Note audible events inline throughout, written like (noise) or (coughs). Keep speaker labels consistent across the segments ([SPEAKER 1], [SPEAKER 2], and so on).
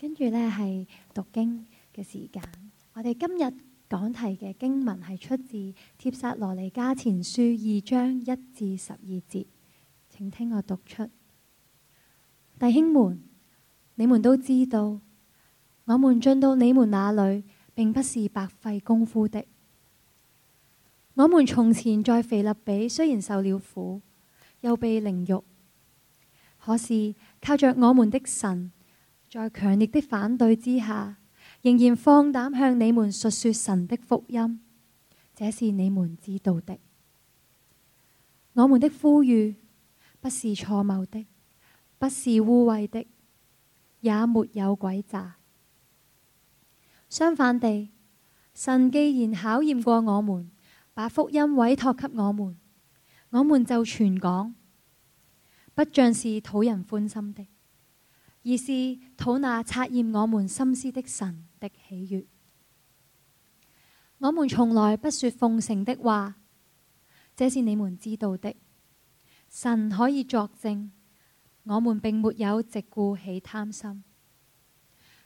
[SPEAKER 1] 跟住呢，係讀經嘅時間，我哋今日講題嘅經文係出自《帖撒羅尼迦前書》二章一至十二節，請聽我讀出。弟兄們，你們都知道，我們進到你們那裏，並不是白費功夫的。我們從前在腓立比雖然受了苦，又被凌辱，可是靠着我們的神。在強烈的反對之下，仍然放膽向你們述說神的福音，這是你們知道的。我們的呼籲不是錯謬的，不是污穢的，也沒有詭詐。相反地，神既然考驗過我們，把福音委託給我們，我們就全講，不像是討人歡心的。而是討那察驗我們心思的神的喜悅。我們從來不說奉承的話，這是你們知道的。神可以作證，我們並沒有藉故起貪心，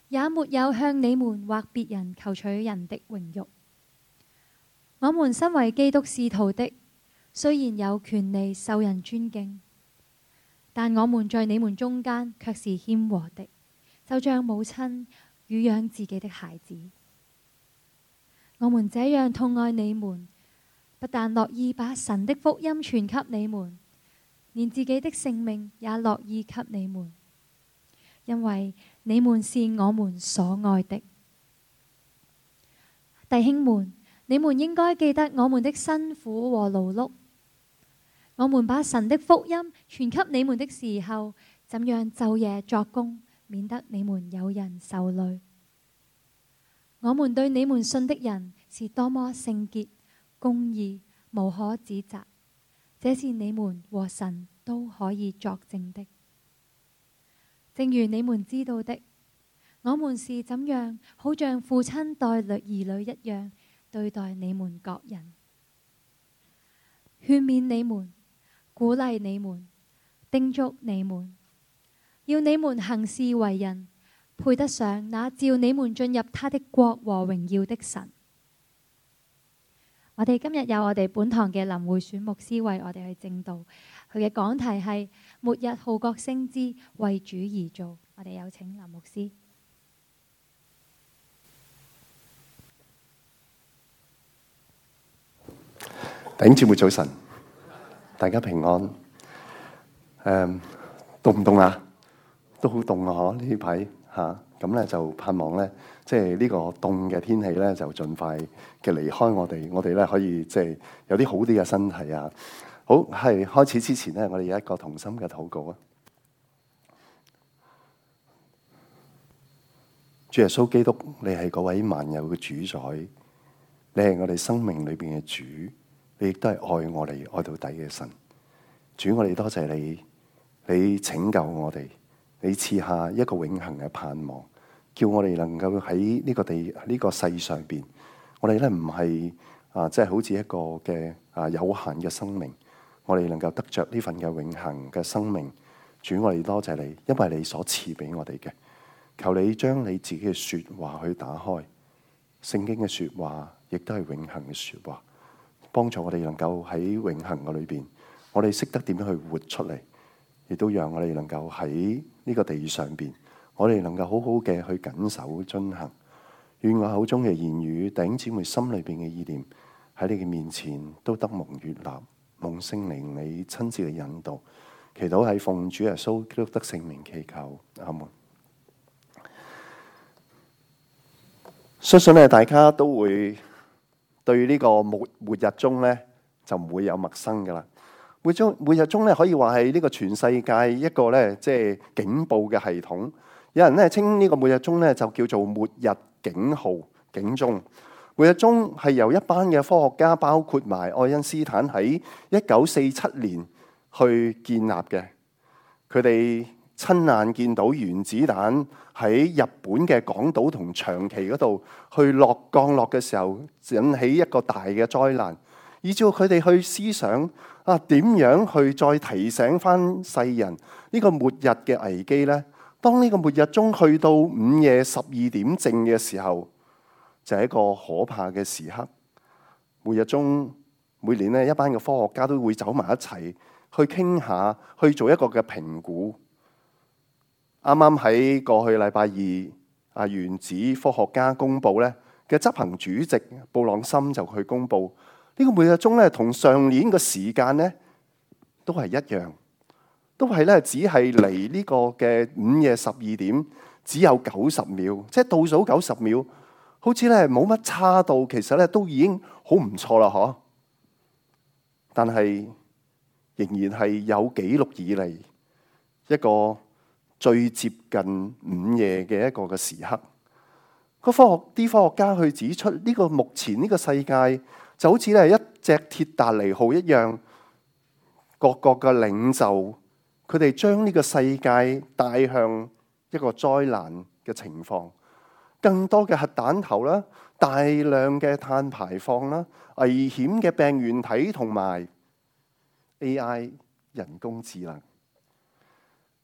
[SPEAKER 1] 也沒有向你們或別人求取人的榮譽。我們身為基督使徒的，雖然有權利受人尊敬。但我們在你們中間卻是謙和的，就像母親乳養自己的孩子。我們這樣痛愛你們，不但樂意把神的福音傳給你們，連自己的性命也樂意給你們，因為你們是我們所愛的。弟兄們，你們應該記得我們的辛苦和勞碌。我們把神的福音傳給你們的時候，怎樣晝夜作工，免得你們有人受累。我們對你們信的人是多麼聖潔、公義，無可指責。這是你們和神都可以作證的。正如你們知道的，我們是怎樣，好像父親待兒女一樣對待你們各人，勸勉你們。鼓勵你們，叮囑你們，要你們行事為人，配得上那召你們進入他的國和榮耀的神。我哋今日有我哋本堂嘅林會選牧師為我哋去正道，佢嘅講題係末日號角聲之為主而做。我哋有請林牧師。
[SPEAKER 2] 頂節目早晨。大家平安。誒，凍唔凍啊？都好凍啊！啊呢排吓咁咧就盼望咧，即係呢個凍嘅天氣咧就盡快嘅離開我哋，我哋咧可以即係有啲好啲嘅身體啊。好，係開始之前咧，我哋有一個同心嘅禱告啊。主耶穌基督，你係嗰位萬有嘅主宰，你係我哋生命裏邊嘅主。你亦都係愛我哋愛到底嘅神，主，我哋多謝你，你拯救我哋，你賜下一個永恆嘅盼望，叫我哋能夠喺呢個地呢、呢個世上邊，我哋咧唔係啊，即、呃、係、就是、好似一個嘅啊、呃、有限嘅生命，我哋能夠得着呢份嘅永恆嘅生命。主，我哋多謝你，因為你所賜俾我哋嘅，求你將你自己嘅說話去打開，聖經嘅說話亦都係永恆嘅說話。幫助我哋能夠喺永恒嘅裏邊，我哋識得點樣去活出嚟，亦都讓我哋能夠喺呢個地上邊，我哋能夠好好嘅去謹守遵行。願我口中嘅言語、弟兄姊妹心裏邊嘅意念，喺你嘅面前都得蒙悅納，蒙聖靈你親自嚟引導。祈禱係奉主耶穌基督得聖名祈求，阿門。相信咧，大家都會。 (noise) 對呢個末末日鐘咧，就唔會有陌生噶啦。末中末日鐘咧，可以話係呢個全世界一個咧，即、就、係、是、警報嘅系統。有人咧稱呢稱個末日鐘咧就叫做末日警號、警鐘。末日鐘係由一班嘅科學家，包括埋愛因斯坦喺一九四七年去建立嘅。佢哋親眼見到原子彈喺日本嘅廣島同長崎嗰度去落降落嘅時候，引起一個大嘅災難。依照佢哋去思想啊，點樣去再提醒翻世人呢個末日嘅危機呢？當呢個末日鐘去到午夜十二點正嘅時候，就係一個可怕嘅時刻。末日鐘每年呢，一班嘅科學家都會走埋一齊去傾下，去做一個嘅評估。啱啱喺過去禮拜二，阿原子科學家公佈咧嘅執行主席布朗森就去公佈呢、呢個末日鐘咧，同上年嘅時間咧都係一樣，都係咧只係離呢個嘅午夜十二點只有九十秒，即係倒數九十秒，好似咧冇乜差度，其實咧都已經好唔錯啦，嗬！但係仍然係有紀錄以嚟一個。最接近午夜嘅一個嘅時刻，個科學啲科學家去指出，呢個目前呢個世界就好似咧一隻鐵達尼號一樣，各國嘅領袖佢哋將呢個世界帶向一個災難嘅情況，更多嘅核彈頭啦，大量嘅碳排放啦，危險嘅病原體同埋 AI 人工智能。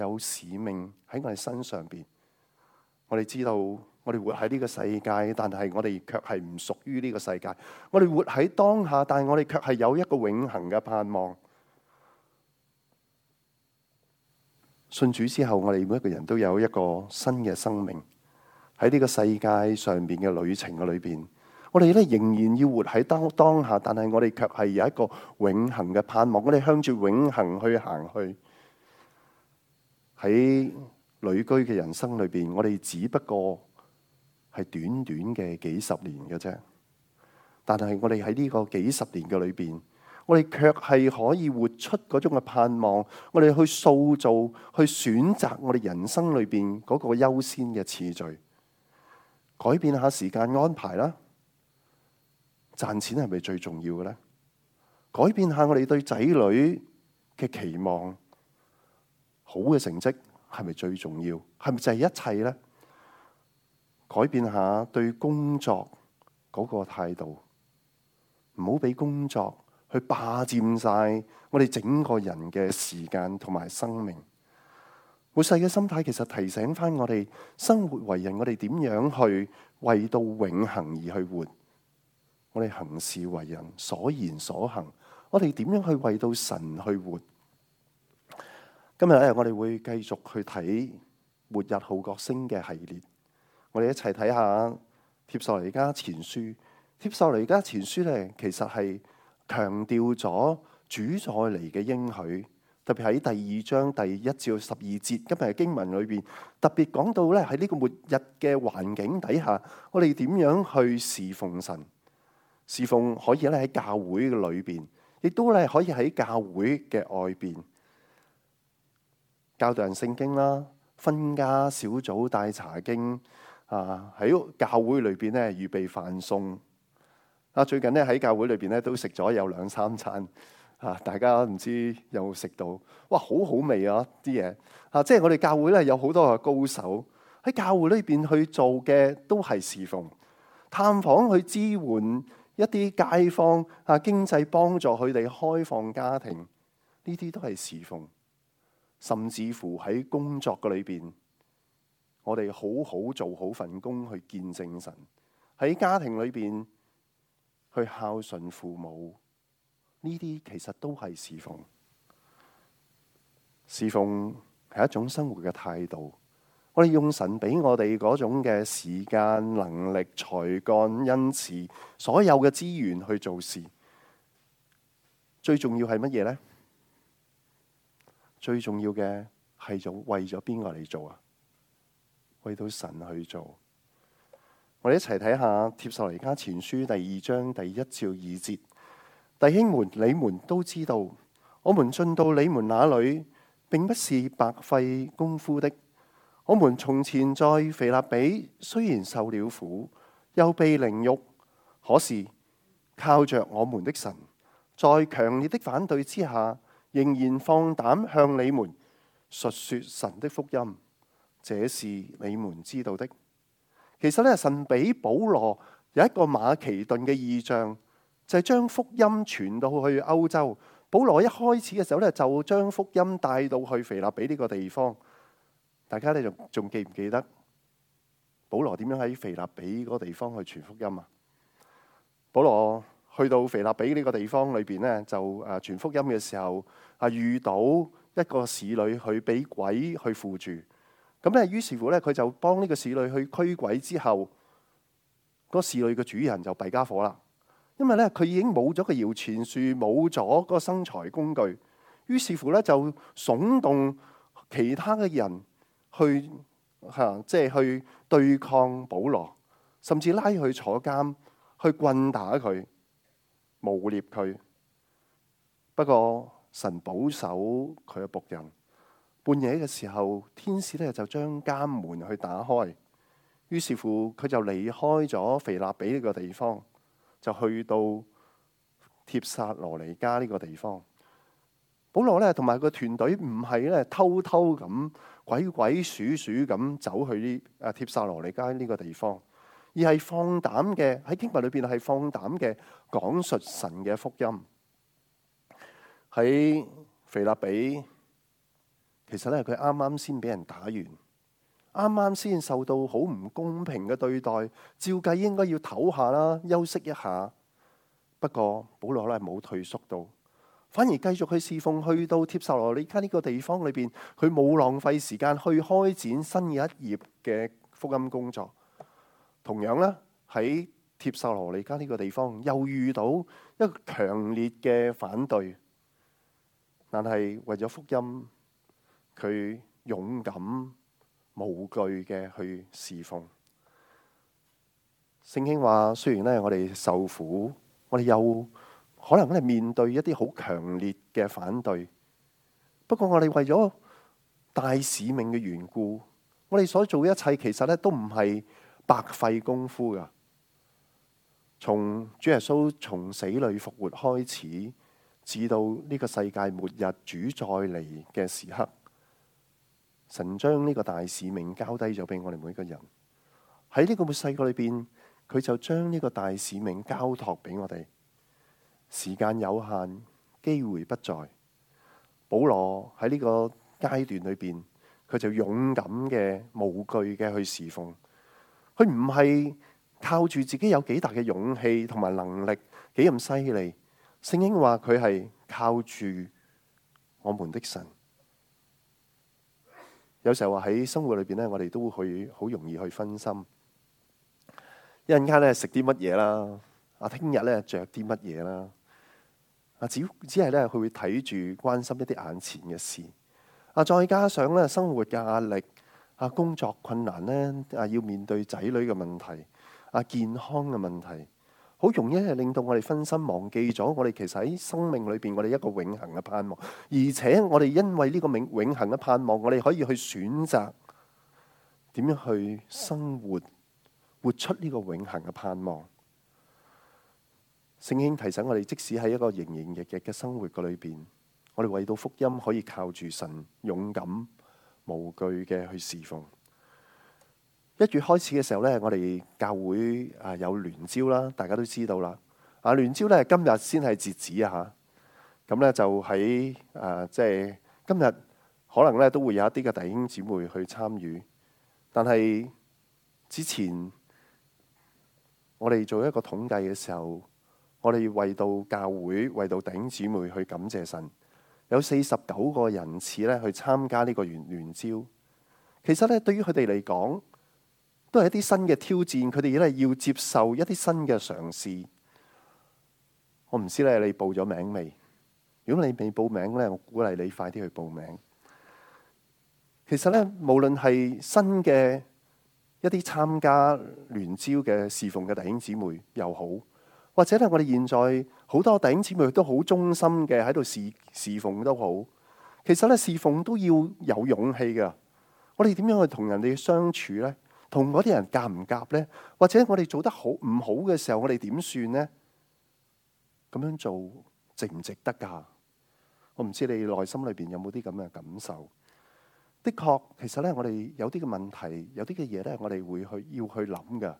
[SPEAKER 2] 有使命喺我哋身上邊，我哋知道我哋活喺呢個世界，但係我哋卻係唔屬於呢個世界。我哋活喺當下，但係我哋卻係有一個永恆嘅盼望。信主之後，我哋每一個人都有一個新嘅生命喺呢個世界上面嘅旅程嘅裏邊。我哋咧仍然要活喺當當下，但係我哋卻係有一個永恆嘅盼望。我哋向住永恆去行去。喺旅居嘅人生裏邊，我哋只不過係短短嘅幾十年嘅啫。但係我哋喺呢個幾十年嘅裏邊，我哋卻係可以活出嗰種嘅盼望。我哋去塑造、去選擇我哋人生裏邊嗰個優先嘅次序，改變下時間安排啦。賺錢係咪最重要嘅呢？改變下我哋對仔女嘅期望。好嘅成績係咪最重要？係咪就係一切呢？改變下對工作嗰個態度，唔好俾工作去霸佔曬我哋整個人嘅時間同埋生命。末世嘅心態其實提醒翻我哋生活為人，我哋點樣去為到永恆而去活？我哋行事為人所言所行，我哋點樣去為到神去活？今日咧，我哋會繼續去睇末日號角聲嘅系列。我哋一齊睇下帖撒羅尼加前書。帖撒羅尼加前書咧，其實係強調咗主再嚟嘅應許，特別喺第二章第一至十二節今日嘅經文裏邊，特別講到咧喺呢個末日嘅環境底下，我哋點樣去侍奉神？侍奉可以咧喺教會嘅裏邊，亦都咧可以喺教會嘅外邊。教導人聖經啦，分家小組帶查經啊，喺教會裏邊咧預備飯餸啊。最近咧喺教會裏邊咧都食咗有兩三餐啊。大家唔知有冇食到？哇，好好味啊！啲嘢啊，即係我哋教會咧有好多嘅高手喺教會裏邊去做嘅都係侍奉、探訪、去支援一啲街坊啊，經濟幫助佢哋開放家庭，呢啲都係侍奉。甚至乎喺工作嗰裏邊，我哋好好做好份工去見證神；喺家庭裏邊去孝順父母，呢啲其實都係侍奉。侍奉係一種生活嘅態度。我哋用神俾我哋嗰種嘅時間、能力、才幹、恩賜，所有嘅資源去做事。最重要係乜嘢咧？最重要嘅係做為咗邊個嚟做啊？為到神去做，我哋一齊睇下帖撒羅尼迦前書第二章第一至二節。弟兄們，你們都知道，我們進到你們那裏，並不是白費功夫的。我們從前在腓立比，雖然受了苦，又被凌辱，可是靠着我們的神，在強烈的反對之下。仍然放膽向你們述說神的福音，這是你們知道的。其實咧，神俾保羅有一個馬其頓嘅異象，就係、是、將福音傳到去歐洲。保羅一開始嘅時候咧，就將福音帶到去腓立比呢個地方。大家咧仲仲記唔記得保羅點樣喺腓立比個地方去傳福音啊？保羅。去到腓立比呢個地方裏邊咧，就誒傳福音嘅時候啊，遇到一個侍女，去俾鬼去附住咁咧。於是乎咧，佢就幫呢個侍女去驅鬼之後，個侍女嘅主人就弊家伙啦，因為咧佢已經冇咗個搖錢樹，冇咗個生財工具。於是乎咧，就聳動其他嘅人去嚇，即、啊、係、就是、去對抗保羅，甚至拉佢坐監，去棍打佢。冒獵佢，不過神保守佢嘅僕人。半夜嘅時候，天使咧就將監門去打開，於是乎佢就離開咗腓立比呢個地方，就去到帖撒羅尼加呢個地方。保羅咧同埋個團隊唔係咧偷偷咁鬼鬼祟祟咁走去呢啊帖撒羅尼加呢個地方。而係放膽嘅，喺經文裏邊係放膽嘅講述神嘅福音。喺腓立比，其實咧佢啱啱先俾人打完，啱啱先受到好唔公平嘅對待，照計應該要唞下啦，休息一下。不過保羅咧冇退縮到，反而繼續去侍奉，去到帖撒羅尼迦呢個地方裏邊，佢冇浪費時間，去開展新嘅一頁嘅福音工作。同樣咧，喺帖撒羅尼加呢個地方，又遇到一個強烈嘅反對。但係為咗福音，佢勇敢無懼嘅去侍奉。聖經話，雖然咧我哋受苦，我哋又可能咧面對一啲好強烈嘅反對，不過我哋為咗大使命嘅緣故，我哋所做嘅一切，其實咧都唔係。白費功夫噶。從主耶穌從死裏復活開始，至到呢個世界末日主再嚟嘅時刻，神將呢個大使命交低咗俾我哋每一個人。喺呢個末世個裏邊，佢就將呢個大使命交託俾我哋。時間有限，機會不再。保羅喺呢個階段裏邊，佢就勇敢嘅、無懼嘅去侍奉。佢唔係靠住自己有幾大嘅勇氣同埋能力幾咁犀利，聖經話佢係靠住我們的神。有時候話喺生活裏邊咧，我哋都會好容易去分心，一陣間咧食啲乜嘢啦，啊聽日咧着啲乜嘢啦，啊只只係咧佢會睇住關心一啲眼前嘅事，啊再加上咧生活嘅壓力。啊，工作困難咧，啊，要面對仔女嘅問題，啊，健康嘅問題，好容易係令到我哋分身忘記咗我哋其實喺生命裏邊，我哋一個永恆嘅盼望。而且我哋因為呢個永永恆嘅盼望，我哋可以去選擇點樣去生活，活出呢個永恆嘅盼望。聖經提醒我哋，即使喺一個營營役役嘅生活嘅裏邊，我哋為到福音可以靠住神勇敢。無懼嘅去侍奉。一月開始嘅時候呢，我哋教會啊、呃、有聯招啦，大家都知道啦。啊聯招呢，今日先係截止啊吓。咁呢、嗯、就喺誒即係今日，可能呢都會有一啲嘅弟兄姊妹去參與。但係之前我哋做一個統計嘅時候，我哋為到教會、為到弟兄姊妹去感謝神。有四十九個人次咧去參加呢個聯聯招，其實咧對於佢哋嚟講，都係一啲新嘅挑戰，佢哋而家係要接受一啲新嘅嘗試。我唔知咧你報咗名未？如果你未報名咧，我鼓勵你快啲去報名。其實咧，無論係新嘅一啲參加聯招嘅侍奉嘅弟兄姊妹又好。或者係我哋現在好多弟兄姊妹都好忠心嘅，喺度侍侍奉都好，其實咧侍奉都要有勇氣噶。我哋點樣去同人哋相處咧？同嗰啲人夾唔夾咧？或者我哋做得好唔好嘅時候，我哋點算咧？咁樣做值唔值得噶？我唔知你內心裏面，有冇啲咁嘅感受？的確，其實咧我哋有啲嘅問題，有啲嘅嘢咧，我哋會去要去諗噶。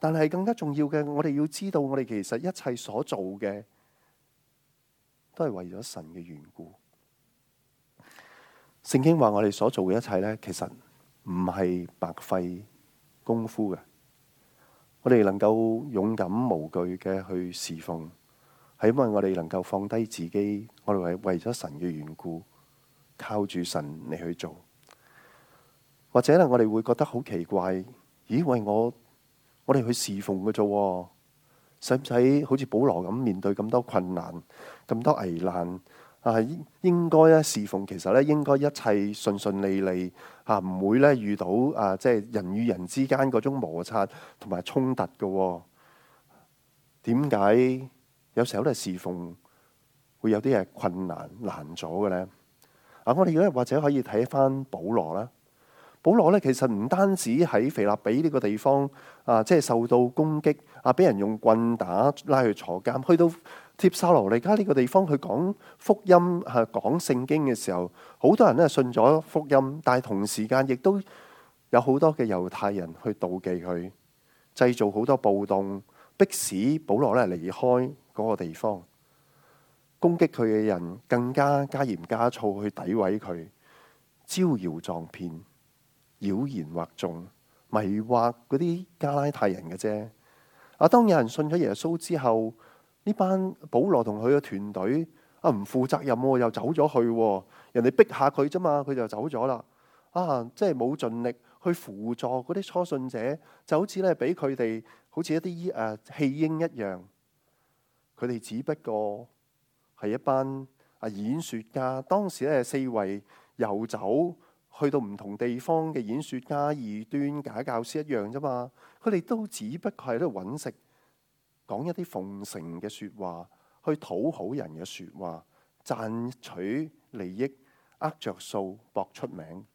[SPEAKER 2] 但係更加重要嘅，我哋要知道，我哋其實一切所做嘅都係為咗神嘅緣故。聖經話，我哋所做嘅一切呢，其實唔係白費功夫嘅。我哋能夠勇敢無懼嘅去侍奉，係因為我哋能夠放低自己，我哋為為咗神嘅緣故，靠住神嚟去做。或者咧，我哋會覺得好奇怪，咦？為我。我哋去侍奉嘅啫，哦，使唔使好似保羅咁面對咁多困難、咁多危難？啊，應該咧侍奉，其實咧應該一切順順利利，吓、啊、唔會咧遇到啊即係、就是、人與人之間嗰種摩擦同埋衝突嘅、哦。點解有時候都係侍奉會有啲係困難難咗嘅咧？啊，我哋咧或者可以睇翻保羅啦。保羅咧，其實唔單止喺腓立比呢個地方啊，即係受到攻擊啊，俾人用棍打、拉去坐監。去到帖撒羅尼迦呢個地方，去講福音吓、講、啊、聖經嘅時候，好多人咧信咗福音，但係同時間亦都有好多嘅猶太人去妒忌佢，製造好多暴動，迫使保羅咧離開嗰個地方。攻擊佢嘅人更加加鹽加醋，去詆毀佢，招搖撞騙。妖言惑眾，迷惑嗰啲加拉太人嘅啫。啊，當有人信咗耶穌之後，呢班保羅同佢嘅團隊啊，唔負責任，又走咗去。啊，人哋逼下佢啫嘛，佢就走咗啦。啊，即係冇盡力去輔助嗰啲初信者，就好似咧俾佢哋好似一啲誒棄嬰一樣。佢哋只不過係一班啊演說家。當時咧係四圍遊走。去到唔同地方嘅演說家、異端假教師一樣啫嘛，佢哋都只不過喺度揾食，講一啲奉承嘅說話，去討好人嘅說話，賺取利益，呃着數，博出名。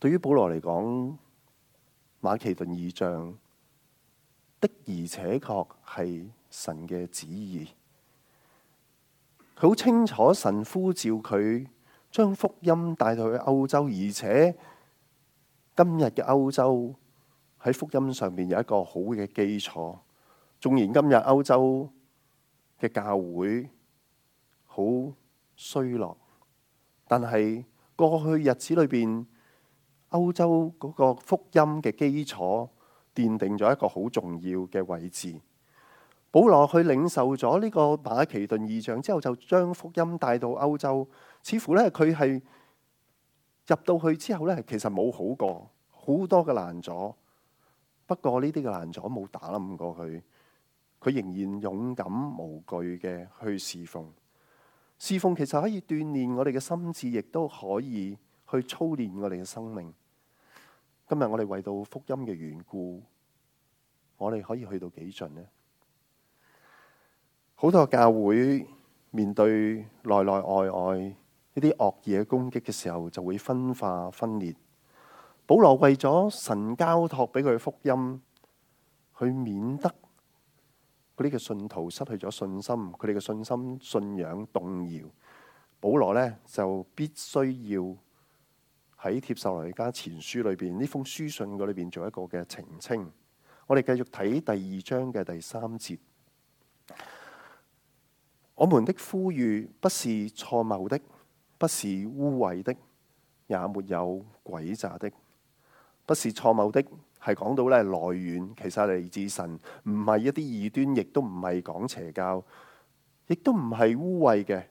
[SPEAKER 2] 對於保羅嚟講，馬其頓異象的而且確係神嘅旨意。好清楚神呼召佢將福音帶到去歐洲，而且今日嘅歐洲喺福音上面有一個好嘅基礎。縱然今日歐洲嘅教會好衰落，但係過去日子裏邊，歐洲嗰個福音嘅基礎奠定咗一個好重要嘅位置。保羅去領受咗呢個馬其頓異象之後，就將福音帶到歐洲。似乎呢，佢係入到去之後呢，其實冇好過，好多嘅難阻。不過呢啲嘅難阻冇打冧過佢，佢仍然勇敢無懼嘅去侍奉。侍奉其實可以鍛煉我哋嘅心智，亦都可以去操練我哋嘅生命。今日我哋為到福音嘅緣故，我哋可以去到幾盡呢？好多教會面對內內外外一啲惡意嘅攻擊嘅時候，就會分化分裂。保羅為咗神交託俾佢嘅福音，佢免得嗰啲嘅信徒失去咗信心，佢哋嘅信心信仰動搖。保羅呢，就必須要喺帖撒羅尼迦前書裏邊呢封書信嘅裏邊做一個嘅澄清。我哋繼續睇第二章嘅第三節。我們的呼籲不是錯謬的，不是污穢的，也沒有詭詐的，不是錯謬的，係講到咧來源，其實嚟自神，唔係一啲異端，亦都唔係講邪教，亦都唔係污穢嘅。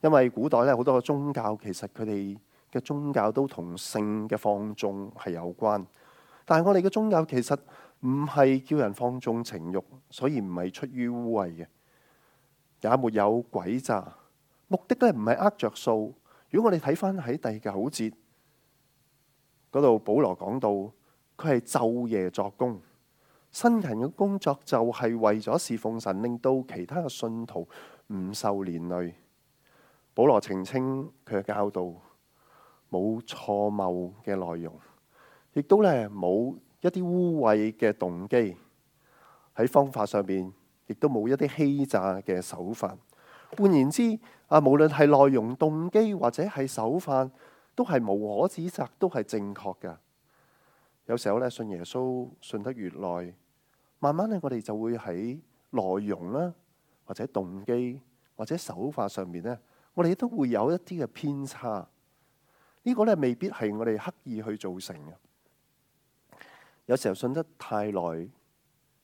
[SPEAKER 2] 因為古代咧好多嘅宗教，其實佢哋嘅宗教都同性嘅放縱係有關，但係我哋嘅宗教其實唔係叫人放縱情慾，所以唔係出於污穢嘅。也沒有詭詐，目的咧唔係呃着數。如果我哋睇翻喺第九節嗰度，保羅講到佢係晝夜作工，辛勤嘅工作就係為咗侍奉神，令到其他嘅信徒唔受連累。保羅澄清佢嘅教導冇錯謬嘅內容，亦都咧冇一啲污穢嘅動機喺方法上面。亦都冇一啲欺詐嘅手法。換言之，啊，無論係內容、動機或者係手法，都係無可指責，都係正確㗎。有時候咧，信耶穌信得越耐，慢慢咧，我哋就會喺內容啦，或者動機或者手法上面咧，我哋都會有一啲嘅偏差。這個，呢個咧未必係我哋刻意去造成嘅。有時候信得太耐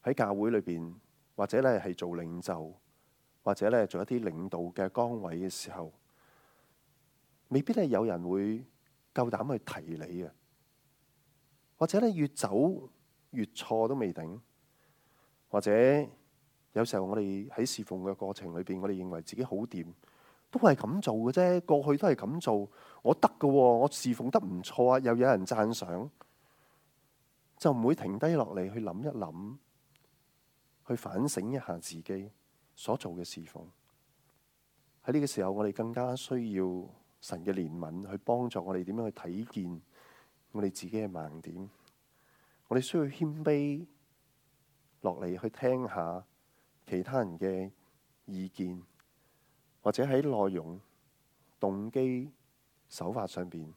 [SPEAKER 2] 喺教會裏邊。或者咧係做領袖，或者咧做一啲領導嘅崗位嘅時候，未必咧有人會夠膽去提你嘅。或者你越走越錯都未定。或者有時候我哋喺侍奉嘅過程裏邊，我哋認為自己好掂，都係咁做嘅啫。過去都係咁做，我得嘅，我侍奉得唔錯啊，又有人讚賞，就唔會停低落嚟去諗一諗。去反省一下自己所做嘅事奉，喺呢個時候我哋更加需要神嘅憐憫去幫助我哋點樣去睇見我哋自己嘅盲點。我哋需要謙卑落嚟去聽下其他人嘅意見，或者喺內容、動機、手法上邊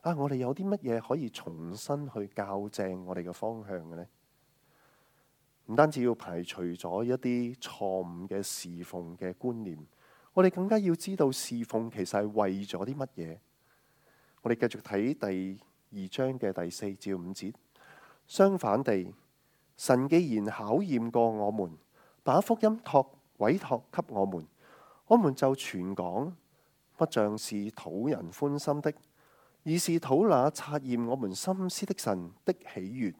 [SPEAKER 2] 啊，我哋有啲乜嘢可以重新去校正我哋嘅方向嘅咧？唔單止要排除咗一啲錯誤嘅侍奉嘅觀念，我哋更加要知道侍奉其實係為咗啲乜嘢。我哋繼續睇第二章嘅第四至五節。相反地，神既然考驗過我們，把福音託委託給我們，我們就傳講不像是討人歡心的，而是討那察驗我們心思的神的喜悅。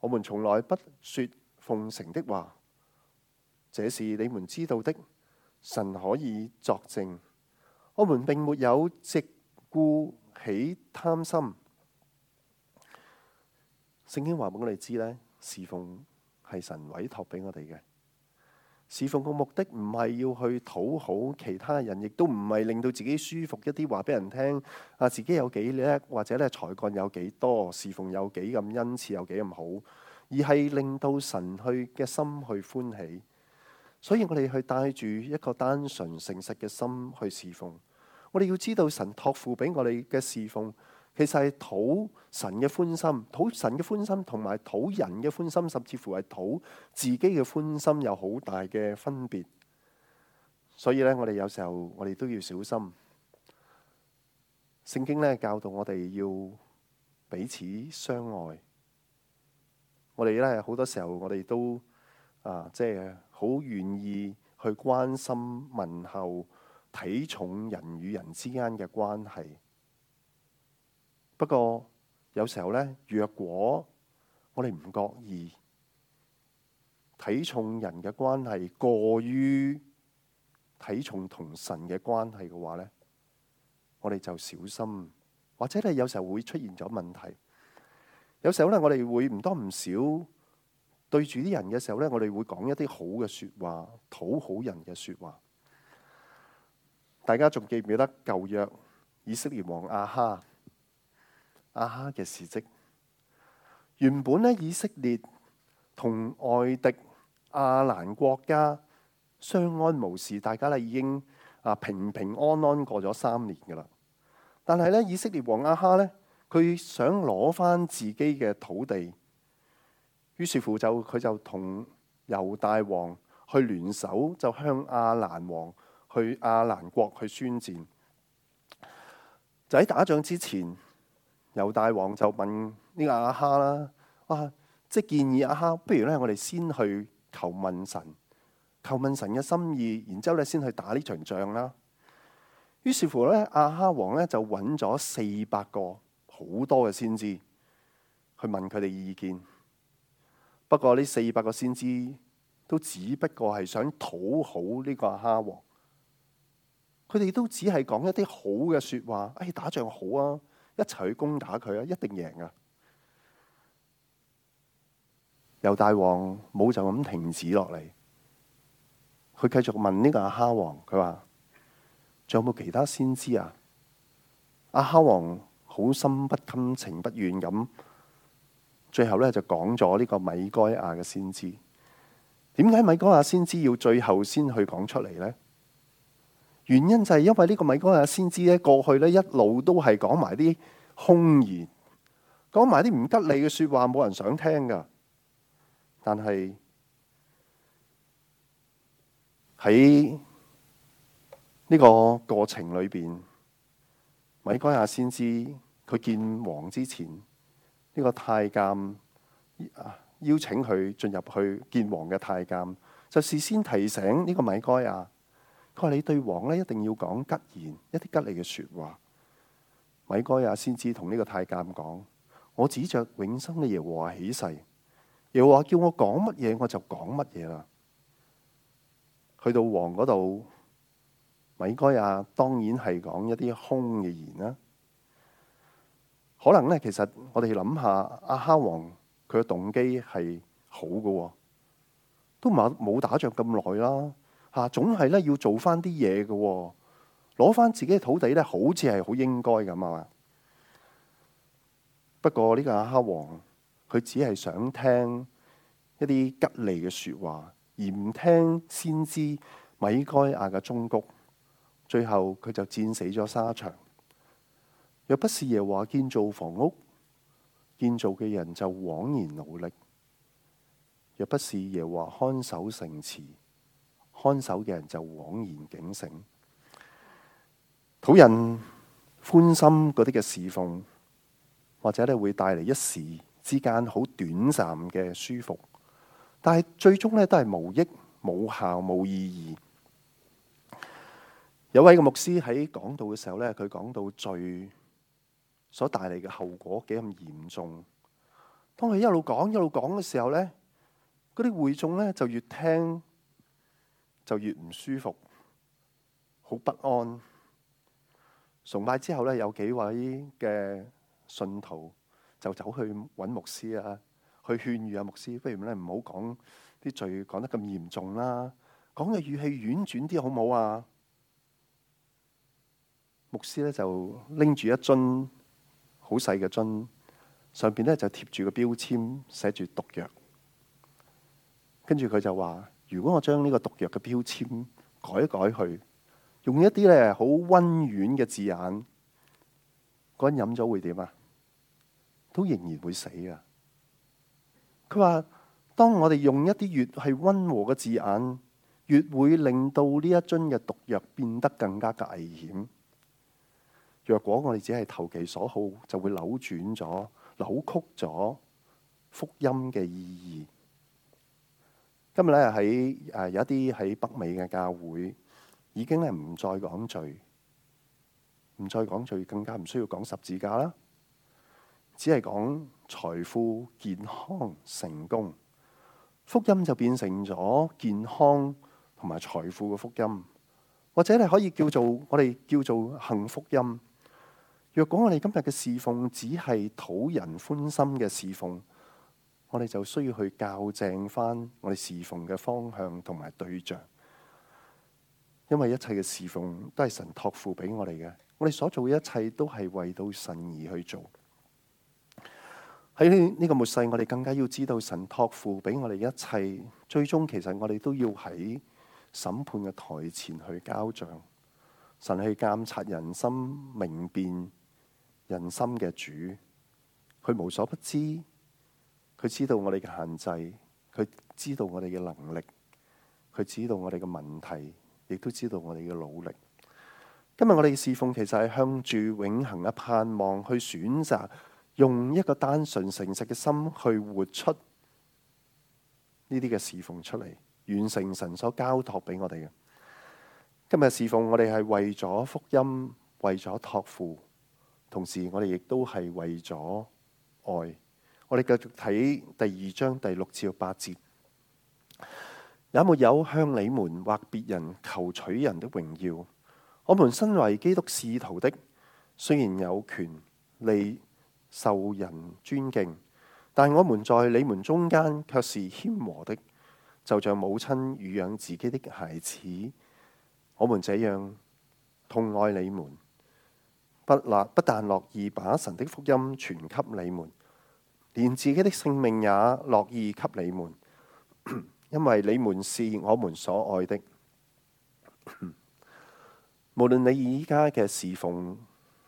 [SPEAKER 2] 我們從來不說奉承的話，這是你們知道的。神可以作證，我們並沒有藉故起貪心。聖經話俾我哋知呢，侍奉係神委託畀我哋嘅。侍奉嘅目的唔係要去討好其他人，亦都唔係令到自己舒服一啲，話俾人聽啊自己有幾叻，或者咧才幹有幾多，侍奉有幾咁恩賜有幾咁好，而係令到神去嘅心去歡喜。所以我哋去帶住一個單純誠實嘅心去侍奉。我哋要知道神託付俾我哋嘅侍奉。其實係討神嘅歡心，討神嘅歡心同埋討人嘅歡心，甚至乎係討自己嘅歡心，有好大嘅分別。所以咧，我哋有時候我哋都要小心。聖經咧教導我哋要彼此相愛。我哋咧好多時候我哋都啊，即係好願意去關心問候、睇重人與人之間嘅關係。不過有時候呢，若果我哋唔覺意睇重人嘅關係過於睇重同神嘅關係嘅話呢，我哋就小心，或者呢，有時候會出現咗問題。有時候呢，我哋會唔多唔少對住啲人嘅時候呢，我哋會講一啲好嘅說話，討好人嘅說話。大家仲記唔記得舊約以色列王亞哈？阿哈嘅事蹟，原本咧以色列同外迪阿蘭國家相安無事，大家咧已經啊平平安安過咗三年㗎喇。但係咧以色列王阿哈咧，佢想攞返自己嘅土地，於是乎就佢就同猶大王去聯手，就向亞蘭王去亞蘭國去宣戰。就喺打仗之前。猶大王就問呢個阿哈啦，哇、啊！即係建議阿哈，不如咧我哋先去求問神，求問神嘅心意，然之後咧先去打呢場仗啦。於是乎咧，阿哈王咧就揾咗四百個好多嘅先知去問佢哋意見。不過呢四百個先知都只不過係想討好呢個阿哈王，佢哋都只係講一啲好嘅說話。哎，打仗好啊！一齊去攻打佢啊！一定贏噶。猶大王冇就咁停止落嚟，佢繼續問呢個阿哈王，佢話仲有冇其他先知啊？阿哈王好心不甘情不願咁，最後咧就講咗呢個米該亞嘅先知。點解米該亞先知要最後先去講出嚟呢？原因就係因為呢個米該亞先知咧，過去咧一路都係講埋啲空言，講埋啲唔吉利嘅説話，冇人想聽噶。但係喺呢個過程裏邊，米該亞先知佢見王之前，呢個太監啊邀請佢進入去見王嘅太監，就事先提醒呢個米該亞。佢話你對王咧一定要講吉言，一啲吉利嘅說話。米該亞先至同呢個太監講，我指着永生嘅耶和華起誓，又話叫我講乜嘢我就講乜嘢啦。去到王嗰度，米該亞當然係講一啲空嘅言啦。可能呢，其實我哋諗下阿哈王佢嘅動機係好嘅，都冇冇打仗咁耐啦。嚇，總係咧要做翻啲嘢嘅，攞翻自己嘅土地咧，好似係好應該咁啊！不過呢個亞哈王，佢只係想聽一啲吉利嘅説話，而唔聽先知米該亞嘅忠告。最後佢就戰死咗沙場。若不是耶和華建造房屋，建造嘅人就枉然努力；若不是耶和華看守城池，看守嘅人就枉然警醒，討人歡心嗰啲嘅侍奉，或者咧會帶嚟一時之間好短暫嘅舒服，但係最終呢，都係無益、冇效、冇意義。有位嘅牧師喺講道嘅時候呢，佢講到罪所帶嚟嘅後果幾咁嚴重。當佢一路講一路講嘅時候呢，嗰啲會眾呢就越聽。就越唔舒服，好不安。崇拜之後咧，有幾位嘅信徒就走去揾牧師啊，去勸喻啊，牧師，不如咧唔好講啲罪講得咁嚴重啦，講嘅語氣婉轉啲好唔好啊？牧師咧就拎住一樽好細嘅樽，上邊咧就貼住個標籤，寫住毒藥。跟住佢就話。如果我將呢個毒藥嘅標籤改一改去，去用一啲咧好溫軟嘅字眼，嗰人飲咗會點啊？都仍然會死啊！佢話：當我哋用一啲越係溫和嘅字眼，越會令到呢一樽嘅毒藥變得更加嘅危險。若果我哋只係投其所好，就會扭轉咗、扭曲咗福音嘅意義。今日咧喺誒有一啲喺北美嘅教會，已經係唔再講罪，唔再講罪，更加唔需要講十字架啦，只係講財富、健康、成功。福音就變成咗健康同埋財富嘅福音，或者係可以叫做我哋叫做幸福音。若果我哋今日嘅侍奉只係討人歡心嘅侍奉，我哋就需要去校正翻我哋侍奉嘅方向同埋對象，因為一切嘅侍奉都係神託付俾我哋嘅，我哋所做嘅一切都係為到神而去做。喺呢個末世，我哋更加要知道神託付俾我哋一切，最終其實我哋都要喺審判嘅台前去交賬。神去監察人心、明辨人心嘅主，佢無所不知。佢知道我哋嘅限制，佢知道我哋嘅能力，佢知道我哋嘅問題，亦都知道我哋嘅努力。今日我哋嘅侍奉，其實係向住永恒嘅盼望去選擇，用一個單純誠實嘅心去活出呢啲嘅侍奉出嚟，完成神所交託俾我哋嘅。今日侍奉我哋係為咗福音，為咗託付，同時我哋亦都係為咗愛。我哋繼續睇第二章第六至八節，也沒有，有向你們或別人求取人的榮耀。我們身為基督使徒的，雖然有權利受人尊敬，但我們在你們中間卻是謙和的，就像母親乳養自己的孩子。我們這樣痛愛你們，不落不但樂意把神的福音傳給你們。連自己的性命也樂意給你們， (coughs) 因為你們是我們所愛的。 (coughs) 無論你依家嘅侍奉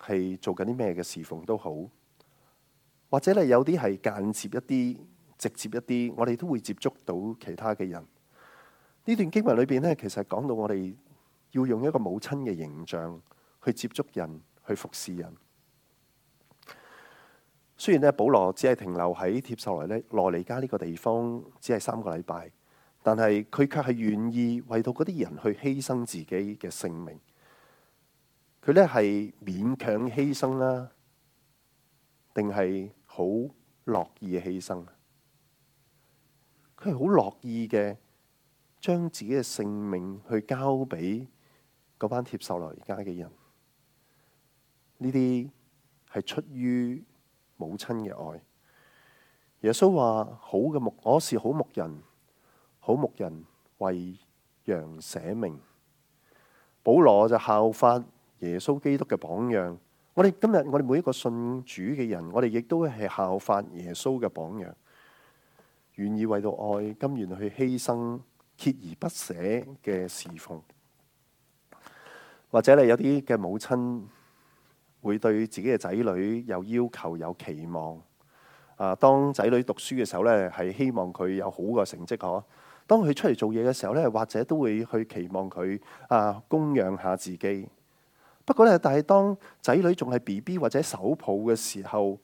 [SPEAKER 2] 係做緊啲咩嘅侍奉都好，或者你有啲係間接一啲、直接一啲，我哋都會接觸到其他嘅人。呢段經文裏邊呢，其實講到我哋要用一個母親嘅形象去接觸人，去服侍人。雖然咧，保羅只係停留喺帖撒羅咧羅尼迦呢個地方，只係三個禮拜，但係佢卻係願意為到嗰啲人去犧牲自己嘅性命。佢呢係勉強犧牲啦，定係好樂意嘅犧牲？佢係好樂意嘅，將自己嘅性命去交俾嗰班帖撒羅尼迦嘅人。呢啲係出於母親嘅愛，耶穌話：好嘅牧，我是好牧人，好牧人為羊捨命，保羅就效法耶穌基督嘅榜樣。我哋今日，我哋每一個信主嘅人，我哋亦都係效法耶穌嘅榜樣，願意為到愛甘願去犧牲，鍥而不捨嘅侍奉。或者你有啲嘅母親會對自己嘅仔女有要求、有期望，啊，當仔女讀書嘅時候咧，係希望佢有好嘅成績可、啊；當佢出嚟做嘢嘅時候咧，或者都會去期望佢啊供養下自己。不過咧，但係當仔女仲係 B B 或者手抱嘅時候，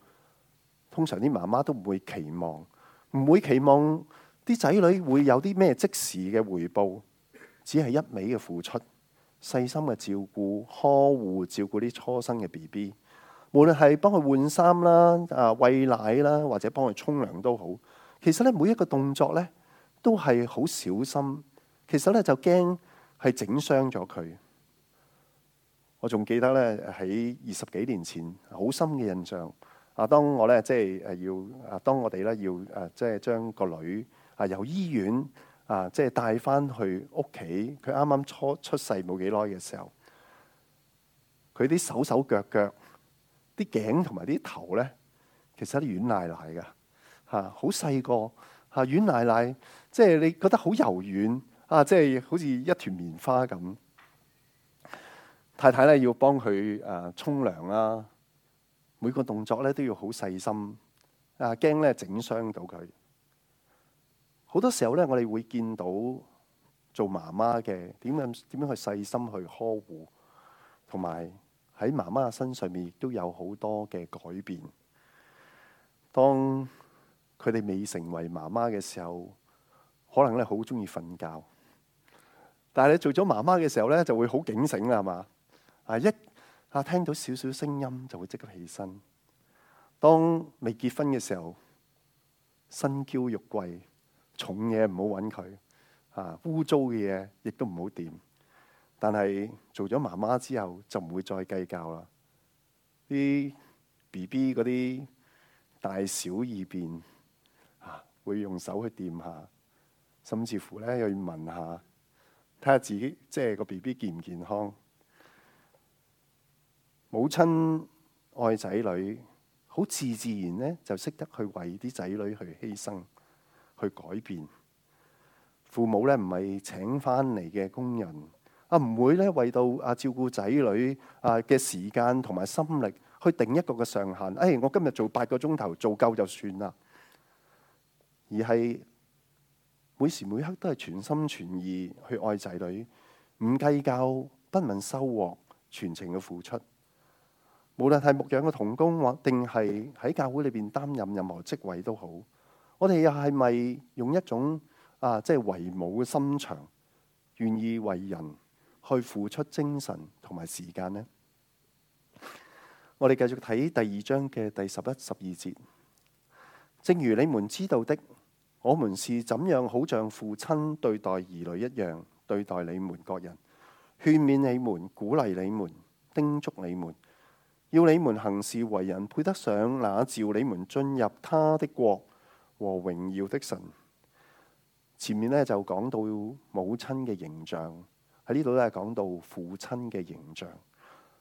[SPEAKER 2] 通常啲媽媽都唔會期望，唔會期望啲仔女會有啲咩即時嘅回報，只係一味嘅付出。細心嘅照顧、呵護、照顧啲初生嘅 BB，無論係幫佢換衫啦、啊餵奶啦，或者幫佢沖涼都好。其實咧每一個動作咧都係好小心。其實咧就驚係整傷咗佢。我仲記得咧喺二十幾年前，好深嘅印象。啊，當我咧即係要啊，當我哋咧要啊，即係將個女啊由醫院。啊，即係帶翻去屋企，佢啱啱初出世冇幾耐嘅時候，佢啲手手腳腳、啲頸同埋啲頭咧，其實啲軟奶奶嘅嚇，好細個嚇，軟奶奶即係你覺得好柔軟啊，即係好似一團棉花咁。太太咧要幫佢誒沖涼啦，每個動作咧都要好細心啊，驚咧整傷到佢。好多時候咧，我哋會見到做媽媽嘅點樣點樣去細心去呵護，同埋喺媽媽嘅身上面亦都有好多嘅改變。當佢哋未成為媽媽嘅時候，可能咧好鍾意瞓覺，但係你做咗媽媽嘅時候咧，就會好警醒啦，係嘛？啊，一啊，聽到少少聲音就會即刻起身。當未結婚嘅時候，身嬌肉貴。重嘢唔好揾佢，啊污糟嘅嘢亦都唔好掂。但係做咗媽媽之後，就唔會再計較啦。啲 B B 嗰啲大小異變，啊會用手去掂下，甚至乎咧又要問下，睇下自己即係個 B B 健唔健康。母親愛仔女，好自自然咧就識得去為啲仔女去犧牲。去改變父母咧，唔係請返嚟嘅工人啊，唔會咧為到啊照顧仔女啊嘅時間同埋心力去定一個嘅上限。誒、哎，我今日做八個鐘頭，做夠就算啦。而係每時每刻都係全心全意去愛仔女，唔計較，不問收穫，全情嘅付出。無論係牧養嘅同工或定係喺教會裏邊擔任任何職位都好，我哋又係咪用一種啊，即係為母嘅心腸，願意為人去付出精神同埋時間呢？我哋繼續睇第二章嘅第十一、十二節。正如你們知道的，我們是怎樣好像父親對待兒女一樣對待你們各人，勸勉你們，鼓勵你們，叮囑你們，要你們行事為人配得上那召你們進入他的國和榮耀的神，前面咧就講到母親嘅形象，喺呢度咧係講到父親嘅形象。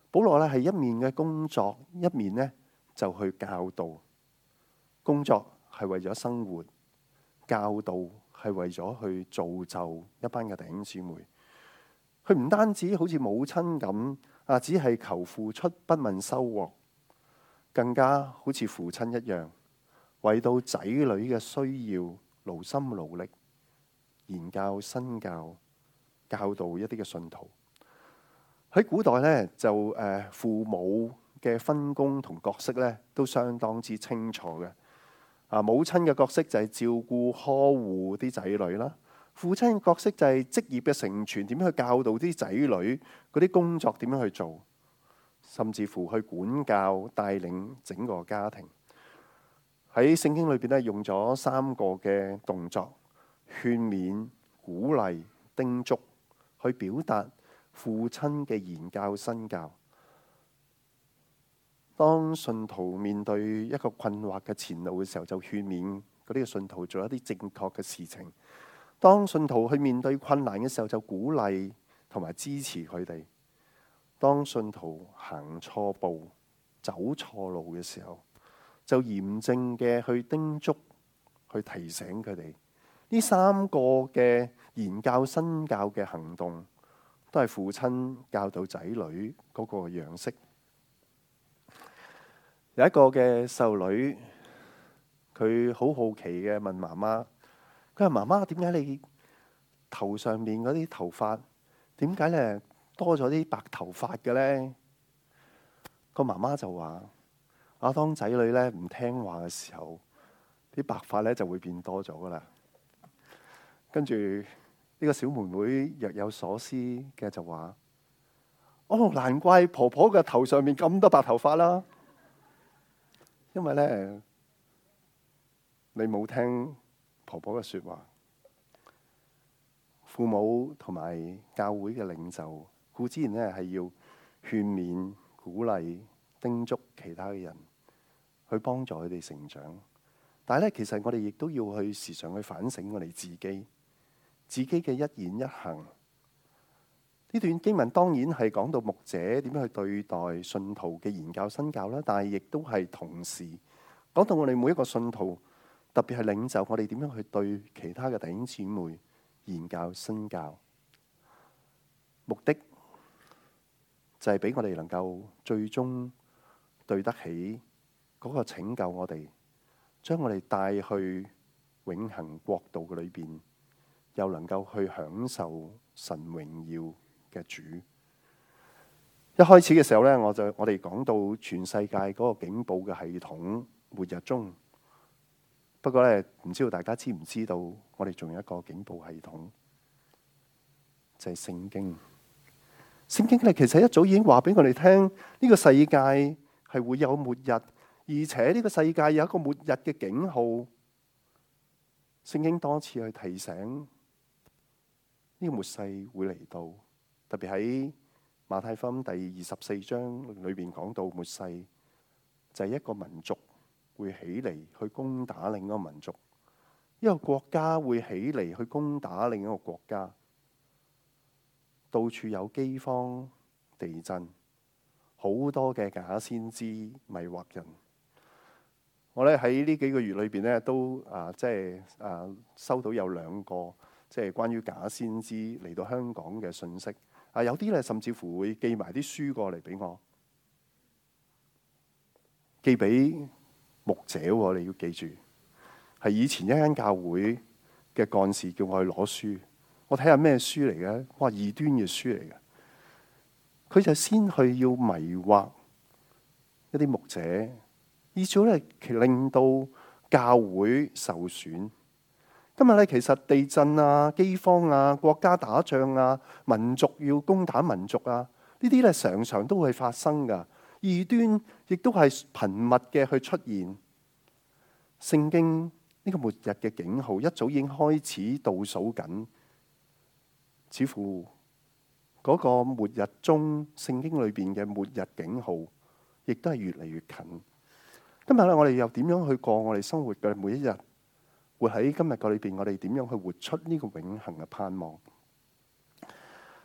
[SPEAKER 2] 保羅咧係一面嘅工作，一面呢，就去教導。工作係為咗生活，教導係為咗去造就一班嘅弟兄姊妹。佢唔單止好似母親咁啊，只係求付出不問收穫，更加好似父親一樣。為到仔女嘅需要，勞心勞力，研教、身教、教導一啲嘅信徒。喺古代咧，就誒父母嘅分工同角色咧，都相當之清楚嘅。啊，母親嘅角色就係照顧、呵護啲仔女啦，父親嘅角色就係職業嘅成全，點樣去教導啲仔女，嗰啲工作點樣去做，甚至乎去管教、帶領整個家庭。喺聖經裏邊咧，用咗三個嘅動作：勸勉、鼓勵、叮囑，去表達父親嘅言教身教。當信徒面對一個困惑嘅前路嘅時候，就勸勉嗰啲嘅信徒做一啲正確嘅事情；當信徒去面對困難嘅時候，就鼓勵同埋支持佢哋；當信徒行錯步、走錯路嘅時候，就嚴正嘅去叮囑、去提醒佢哋，呢三個嘅言教、身教嘅行動，都係父親教導仔女嗰個樣式。有一個嘅細女，佢好好奇嘅問媽媽：佢話媽媽，點解你頭上面嗰啲頭髮點解咧多咗啲白頭髮嘅咧？個媽媽就話。啊！當仔女咧唔聽話嘅時候，啲白髮咧就會變多咗噶啦。跟住呢個小妹妹若有所思嘅就話哦，oh, 難怪婆婆嘅頭上面咁多白頭髮啦，啊，因為咧你冇聽婆婆嘅說話，父母同埋教會嘅領袖，固之然咧係要勸勉、鼓勵叮囑其他嘅人。去幫助佢哋成長，但係咧，其實我哋亦都要去時常去反省我哋自己，自己嘅一言一行。呢段經文當然係講到牧者點樣去對待信徒嘅言教身教啦，但係亦都係同時講到我哋每一個信徒，特別係領袖，我哋點樣去對其他嘅弟兄姊妹言教身教目的，就係俾我哋能夠最終對得起。嗰個拯救我哋，將我哋帶去永恒國度嘅裏邊，又能夠去享受神榮耀嘅主。一開始嘅時候呢，我就我哋講到全世界嗰個警報嘅系統，末日鐘。不過呢，唔知道大家知唔知道，我哋仲有一個警報系統，就係聖經。聖經呢，其實一早已經話俾我哋聽，呢個世界係會有末日。而且呢個世界有一個末日嘅警號，聖經多次去提醒呢個末世會嚟到。特別喺馬太福音第二十四章裏邊講到末世就係一個民族會起嚟去攻打另一個民族，一個國家會起嚟去攻打另一個國家。到處有饑荒、地震，好多嘅假先知迷惑人。我咧喺呢幾個月裏邊咧，都啊即係啊收到有兩個即係關於假先知嚟到香港嘅信息。啊有啲咧甚至乎會寄埋啲書過嚟俾我，寄俾牧者。你要記住，係以前一間教會嘅幹事叫我去攞書，我睇下咩書嚟嘅。哇，異端嘅書嚟嘅。佢就先去要迷惑一啲牧者。以至令到教會受損。今日咧，其實地震啊、饑荒啊、國家打仗啊、民族要攻打民族啊，呢啲咧常常都會發生噶。異端亦都係頻密嘅去出現。聖經呢，呢個末日嘅警號一早已經開始倒數緊，似乎嗰個末日中聖經裏邊嘅末日警號，亦都係越嚟越近。今日咧，我哋又點樣去過我哋生活嘅每一日？活喺今日個裏邊，我哋點樣去活出呢個永恒嘅盼望？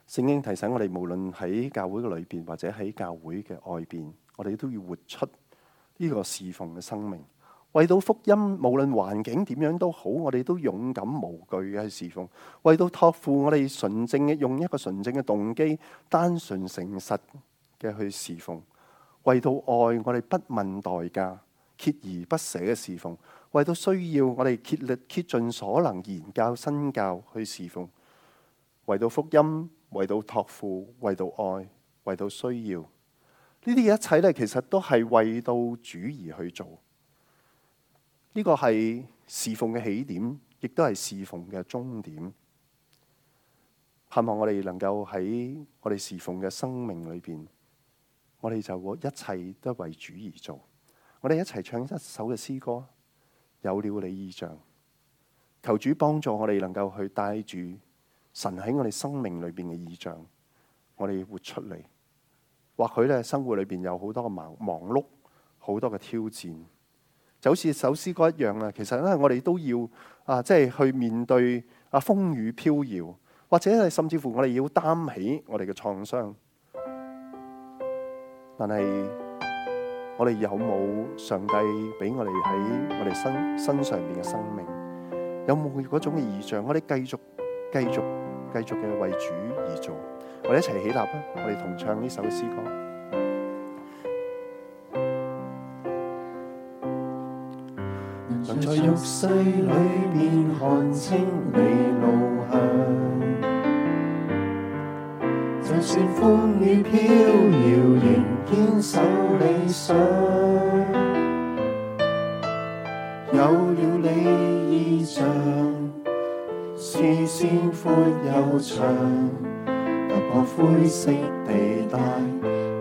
[SPEAKER 2] 聖經提醒我哋，無論喺教會嘅裏邊或者喺教會嘅外邊，我哋都要活出呢個侍奉嘅生命。為到福音，無論環境點樣都好，我哋都勇敢無懼嘅去侍奉。為到託付我哋純正嘅，用一個純正嘅動機，單純誠實嘅去侍奉。為到愛，我哋不問代價。鍥而不捨嘅侍奉，為到需要，我哋竭力竭盡所能研究，言教身教去侍奉，為到福音，為到託付，為到愛，為到需要，呢啲嘅一切咧，其實都係為到主而去做。呢、呢個係侍奉嘅起點，亦都係侍奉嘅終點。盼望我哋能夠喺我哋侍奉嘅生命裏邊，我哋就會一切都為主而做。我哋一齊唱一首嘅詩歌，有了你意象，求主幫助我哋能夠去帶住神喺我哋生命裏邊嘅意象，我哋活出嚟。或許咧，生活裏邊有好多嘅忙忙碌，好多嘅挑戰，就好似首詩歌一樣啊！其實咧，我哋都要啊，即係去面對啊風雨飄搖，或者係甚至乎我哋要擔起我哋嘅創傷，但係。我哋有冇上帝俾我哋喺我哋身身上邊嘅生命？有冇嗰種嘅異象？我哋繼續繼續繼續嘅為主而做，我哋一齊起立啦！我哋同唱呢首嘅詩歌。人在俗
[SPEAKER 3] 世裏邊看清你路向，就算風雨飄搖，仍堅守。有了你意象，視線闊又長，突破灰色地帶，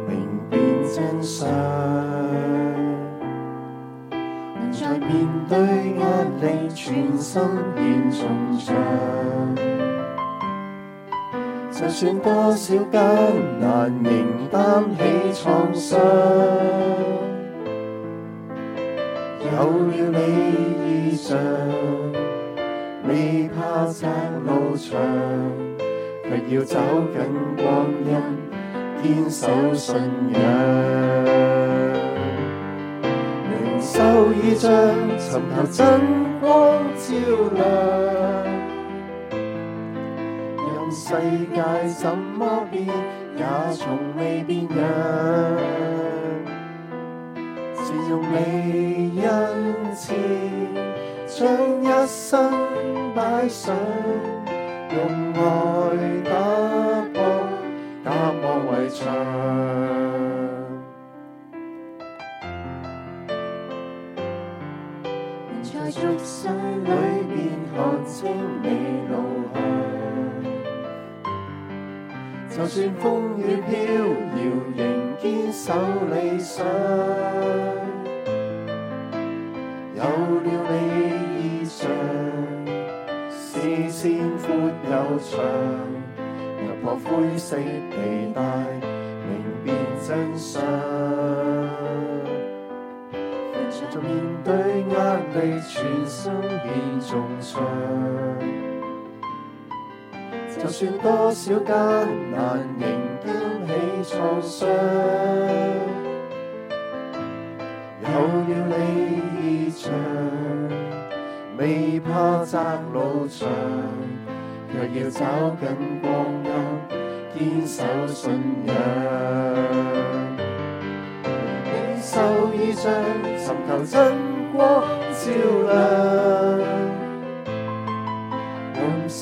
[SPEAKER 3] 明辨真相。能 (noise) 在面對壓力，全心獻重象。就算多少艱難，仍擔起創傷。有了你依仗，未怕赤路長，卻要走緊光陰，堅守信仰。明秀已將尋到真光照亮。世界怎麼變也從未變樣，是用你恩賜將一生擺上，用愛打破打破圍牆，在俗世裡面看清你路。就算風雨飄搖，仍堅守理想。有了你，意象視線闊又長，突破灰色地帶，明辨真相。在面對壓力，全心已重傷。就算多少艱難，仍擔起創傷。有了你，理想，未怕窄路長，若要找緊光暗，堅守信仰。忍受異象，尋求真光照亮。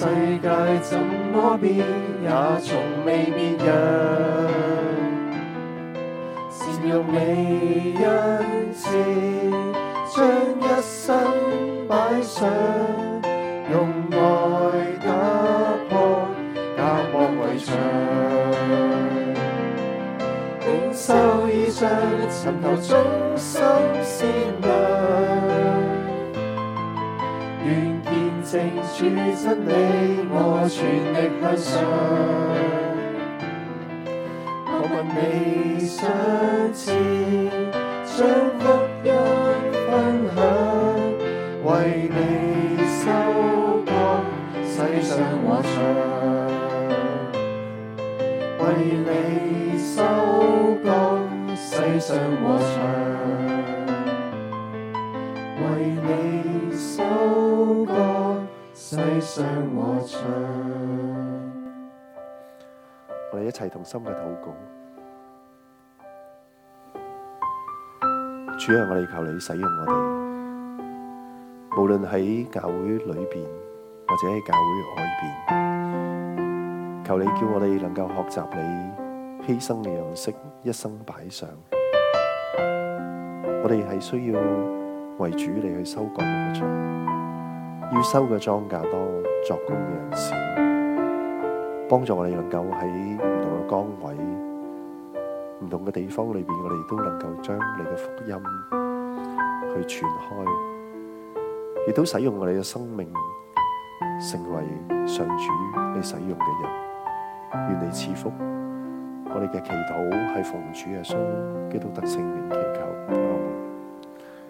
[SPEAKER 3] 世界怎麼變也從未變樣，善用你恩賜，將一生擺上，用愛打破隔膜圍牆，領受異象尋導忠心善良。成全你，我全力向上。我問你想知，將福音分享，為你收割世上禾場，為你收割世上禾場。
[SPEAKER 2] 我哋一齊同心嘅禱告。主啊，我哋求你使用我哋，無論喺教會裏邊或者喺教會外邊，求你叫我哋能夠學習你犧牲嘅樣式，一生擺上。我哋係需要為主你去修收割嘅。要收嘅莊稼多，作工嘅人少，幫助我哋能夠喺唔同嘅崗位、唔同嘅地方裏邊，我哋都能夠將你嘅福音去傳開，亦都使用我哋嘅生命成為上主你使用嘅人。願你賜福，我哋嘅祈禱係奉主耶穌基督得勝嘅。